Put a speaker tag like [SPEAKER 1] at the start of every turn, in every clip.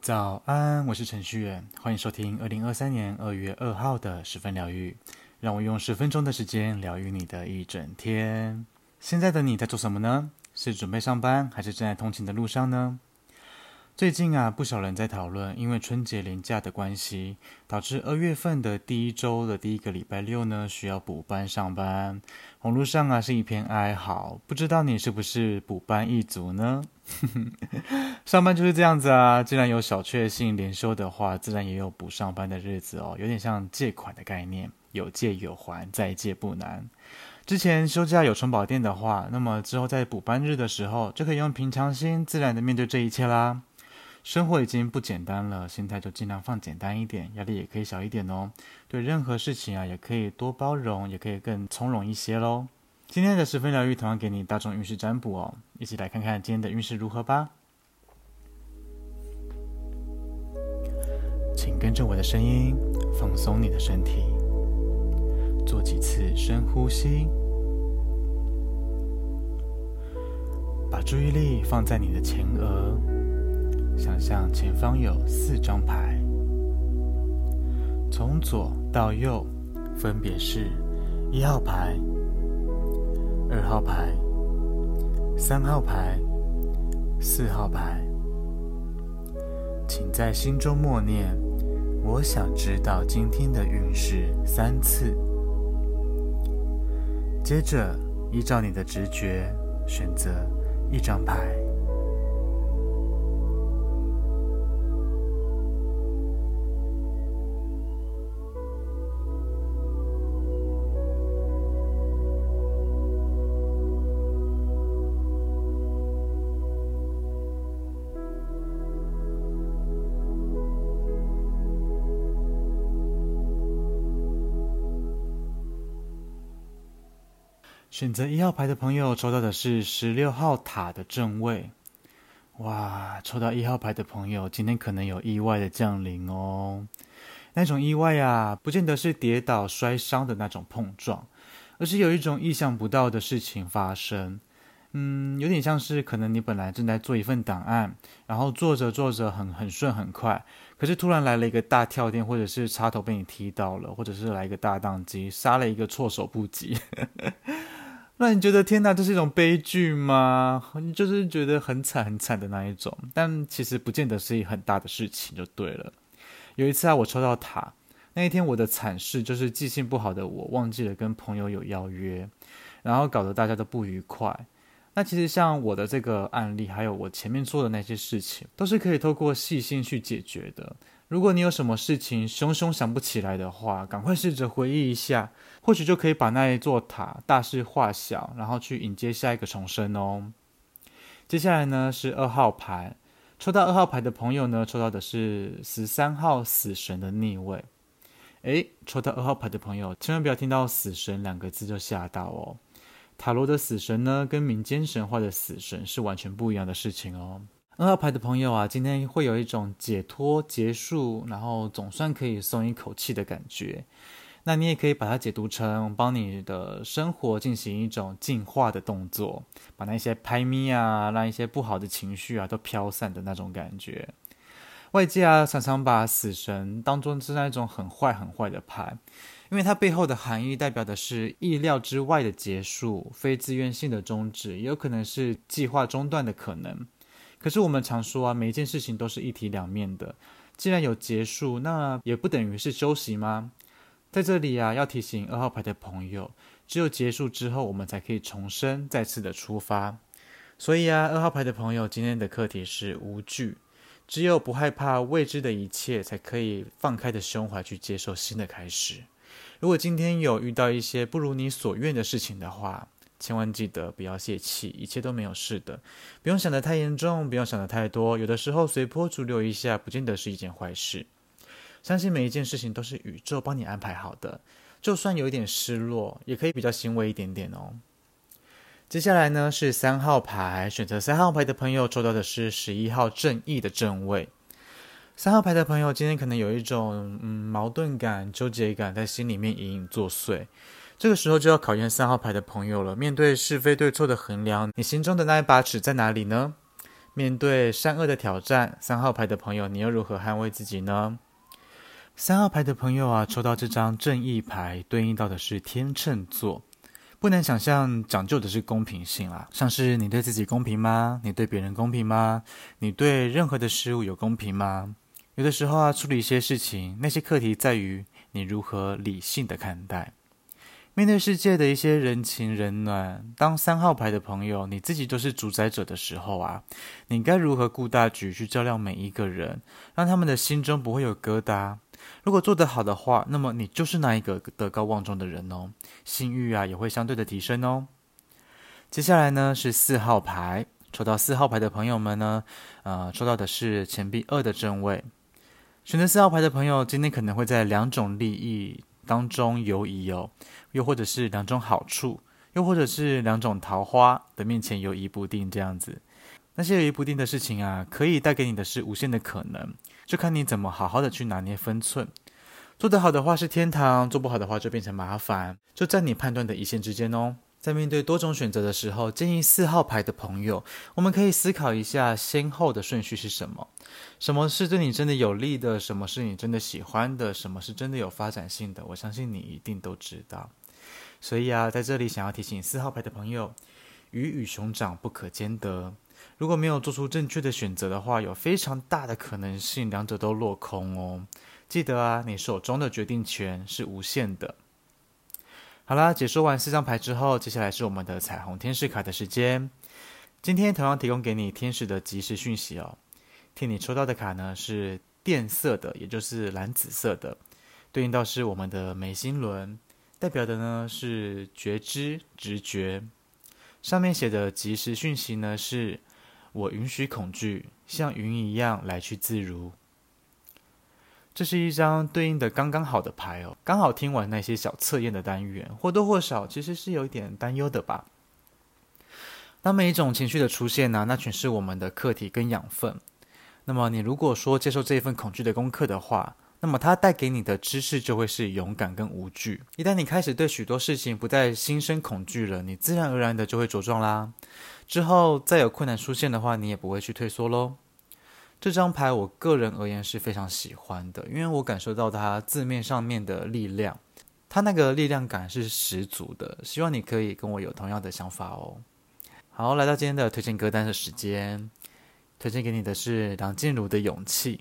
[SPEAKER 1] 早安，我是程序員，歡迎收聽二零二三年二月二號的十分療癒。讓我用十分鐘的時間療癒你的一整天。現在的你在做什麼呢？是準備上班，還是正在通勤的路上呢？最近啊，不少人在討論，因為春節連假的關係，導致二月份的第一周的第一個禮拜六呢，需要補班上班。網絡上啊是一片哀嚎，不知道你是不是補班一族呢？ 上班就是這樣子啊，既然有小確幸連休的話，自然也有補上班的日子哦，有點像借款的概念，有借有還，再借不難。之前休假有充飽電的話，那麼之後在補班日的時候，就可以用平常心自然地面對這一切啦。生活已經不簡單了，心態就盡量放簡單一點，壓力也可以小一點哦。對任何事情啊，也可以多包容，也可以更從容一些嘍。今天的十分療癒同樣給你大眾運勢占卜哦，一起來看看今天的運勢如何吧。請跟着我的聲音，放鬆你的身體，做幾次深呼吸，把注意力放在你的前額。向前方有四張牌，從左到右分別是一號牌、二號牌、三號牌、四號牌。請在心中默念“我想知道今天的運勢”三次。接着，依照你的直覺選擇一張牌。選擇一號牌的朋友抽到的是十六號塔的正位，哇！抽到一號牌的朋友，今天可能有意外的降臨哦。那種意外啊，不見得是跌倒摔傷的那種碰撞，而是有一種意想不到的事情發生。嗯，有點像是可能你本來正在做一份檔案，然後做着做着很很順很快，可是突然來了一個大跳電，或者是插頭被你踢到了，或者是來一個大宕機，殺了一個措手不及。 那你覺得天吶，這是一種悲劇嗎？你就是覺得很慘很慘的那一種，但其實不見得是一很大的事情就對了。有一次啊，我抽到塔那一天，我的慘事就是記性不好的我忘記了跟朋友有邀約，然後搞得大家都不愉快。那其實像我的這個案例，還有我前面做的那些事情，都是可以透過細心去解決的。如果你有什麼事情熊熊想不起來的話，趕快試着回憶一下，或許就可以把那一座塔大事化小，然後去迎接下一個重生哦。接下來呢是二號牌，抽到二號牌的朋友呢，抽到的是十三號死神的逆位。誒，抽到二號牌的朋友，千萬不要聽到死神兩個字就嚇到哦。塔羅的死神呢，跟民間神話的死神是完全不一樣的事情哦。二號牌的朋友啊，今天會有一種解脫、結束，然後總算可以鬆一口氣的感覺。那你也可以把它解讀成幫你的生活進行一種淨化的動作，把那些拍咪啊，讓一些不好的情緒啊都飄散的那種感覺。外界啊，常常把死神當作是那種很壞、很壞的牌。因為它背後的含義代表的是意料之外的結束、非自願性的終止，也有可能是計劃中斷的可能。可是我們常說啊，每一件事情都是一體兩面的。既然有結束，那也不等於是休息嗎？在這裡啊，要提醒二號牌的朋友，只有結束之後，我們才可以重生，再次的出發。所以啊，二號牌的朋友，今天的課題是無懼，只有不害怕未知的一切，才可以放開的胸懷去接受新的開始。如果今天有遇到一些不如你所願的事情的話，千萬記得不要洩氣，一切都沒有事的，不用想得太嚴重，不用想得太多。有的時候隨波逐流一下，不見得是一件壞事。相信每一件事情都是宇宙幫你安排好的，就算有一點失落，也可以比較欣慰一點點哦。接下來呢，是三號牌，選擇三號牌的朋友抽到的是十一號正義的正位。三號牌的朋友，今天可能有一種嗯矛盾感、糾結感在心裡面隱隱作祟。這個時候就要考驗三號牌的朋友了。面對是非對錯的衡量，你心中的那一把尺在哪裡呢？面對善惡的挑戰，三號牌的朋友，你又如何捍衛自己呢？三號牌的朋友啊，抽到這張正義牌，對應到的是天秤座，不難想象，講究的是公平性啦、啊。像是你對自己公平嗎？你對別人公平嗎？你對任何的事物有公平嗎？有的時候啊，處理一些事情，那些課題在於你如何理性的看待，面對世界的一些人情冷暖。當三號牌的朋友，你自己都是主宰者的時候啊，你該如何顧大局去照亮每一個人，讓他們的心中不會有疙瘩？如果做得好的話，那麼你就是那一個德高望重的人哦，信譽啊也會相對的提升哦。接下來呢是四號牌，抽到四號牌的朋友們呢，呃，抽到的是錢幣二的正位。選擇四號牌的朋友，今天可能會在兩種利益當中游移哦，又或者是兩種好處，又或者是兩種桃花的面前游移不定，這樣子。那些游移不定的事情啊，可以帶給你的是無限的可能，就看你怎麼好好的去拿捏分寸。做得好的話是天堂，做不好的話就變成麻煩，就在你判斷的一線之間哦。在面對多種選擇的時候，建議四號牌的朋友，我們可以思考一下先後的順序是什麼？什麼是對你真的有利的？什麼是你真的喜歡的？什麼是真的有發展性的？我相信你一定都知道。所以啊，在這裡想要提醒四號牌的朋友，魚與熊掌不可兼得。如果沒有做出正確的選擇的話，有非常大的可能性兩者都落空哦。記得啊，你手中的決定權是無限的。好啦，解說完四張牌之後，接下來是我們的彩虹天使卡的時間。今天同樣提供給你天使的即時訊息哦。替你抽到的卡呢是靛色的，也就是藍紫色的，對應到是我們的眉心輪，代表的呢是覺知直覺。上面寫的即時訊息呢是：我允許恐懼像雲一樣來去自如。這是一張對應的剛剛好的牌哦，剛好聽完那些小測驗的單元，或多或少其實是有一點擔憂的吧。那每一種情緒的出現呢、啊，那全是我們的課題跟養分。那麼你如果說接受這一份恐懼的功課的話，那麼它帶給你的知識就會是勇敢跟無懼。一旦你開始對許多事情不再心生恐懼了，你自然而然的就會茁壯啦。之後再有困難出現的話，你也不會去退縮嘍。這張牌，我個人而言是非常喜歡的，因為我感受到它字面上面的力量，它那個力量感是十足的。希望你可以跟我有同樣的想法哦。好，來到今天的推薦歌單的時間，推薦給你的是梁靜茹的《勇氣》。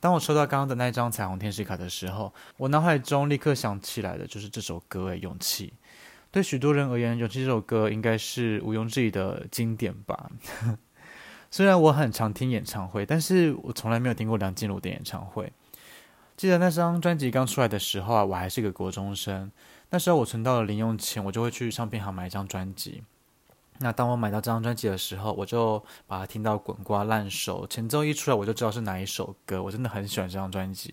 [SPEAKER 1] 當我收到剛剛的那張彩虹天使卡的時候，我腦海中立刻想起來的就是這首歌誒，《勇氣》。對許多人而言，《勇氣》這首歌應該是毋庸置疑的經典吧。 雖然我很常聽演唱會，但是我從來沒有聽過梁靜茹的演唱會。記得那張專輯剛出來的時候啊，我還是一個國中生。那時候我存到了零用錢，我就會去唱片行買一張專輯。那當我買到這張專輯的時候，我就把它聽到滾瓜爛熟。前奏一出來，我就知道是哪一首歌。我真的很喜歡這張專輯。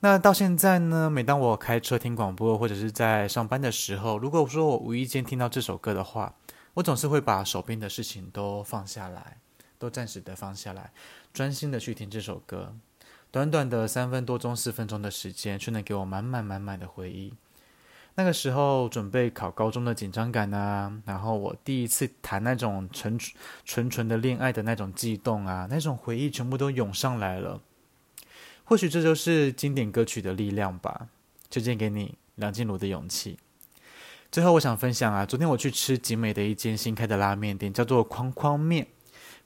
[SPEAKER 1] 那到現在呢，每當我開車聽廣播，或者是在上班的時候，如果說我無意間聽到這首歌的話，我總是會把手邊的事情都放下來，都暫時的放下來，專心的去聽這首歌。短短的三分多鐘、四分鐘的時間，卻能給我滿滿滿滿的回憶。那個時候準備考高中的緊張感吶、啊，然後我第一次談那種純純純的戀愛的那種悸動啊，那種回憶全部都湧上來了。或許這就是經典歌曲的力量吧。推薦給你梁靜茹的勇氣。最後我想分享啊，昨天我去吃景美的一間新開的拉麵店，叫做框框麵。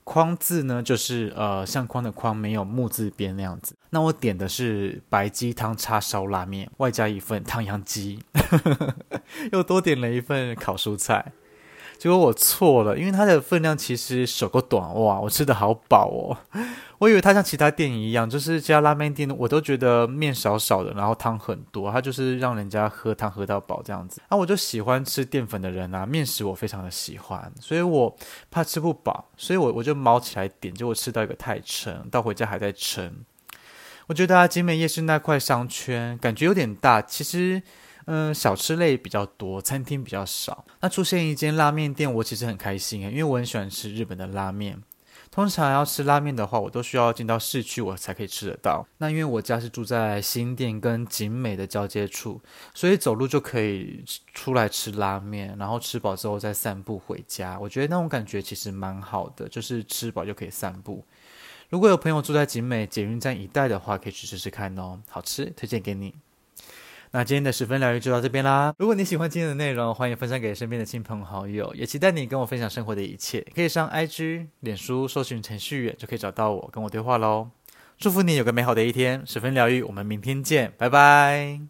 [SPEAKER 1] 框字呢就是呃相框的框，沒有木字邊那樣子。那我點的是白雞湯叉燒拉麵，外加一份唐揚雞， 又多點了一份烤蔬菜。結果我錯了，因為它的分量其實手夠短哇，我吃得好飽哦。 我以為它像其他店一樣，就是一家拉麵店，我都覺得麵少少的，然後湯很多，它就是讓人家喝湯喝到飽這樣子。那、啊、我就喜歡吃澱粉的人吶、啊，麵食我非常的喜歡，所以我怕吃不飽，所以我我就貓起來點，結果吃到一個太撐，到回家還在撐。我覺得啊，景美夜市那塊商圈感覺有點大，其實。嗯，小吃類比較多，餐廳比較少。那出現一間拉麵店，我其實很開心，因為我很喜歡吃日本的拉麵。通常要吃拉麵的話，我都需要進到市區我才可以吃得到。那因為我家是住在新店跟景美的交接處，所以走路就可以出來吃拉麵，然後吃飽之後再散步回家。我覺得那種感覺其實蠻好的，就是吃飽就可以散步。如果有朋友住在景美捷運站一帶的話，可以去試試看哦，好吃，推薦給你。那今天的十分療癒就到這邊啦。如果你喜歡今天的內容，歡迎分享給身邊的親朋好友。也期待你跟我分享生活的一切，可以上 IG、臉書搜尋程序遠，就可以找到我，跟我對話嘍。祝福你有個美好的一天。十分療癒，我們明天見，拜拜。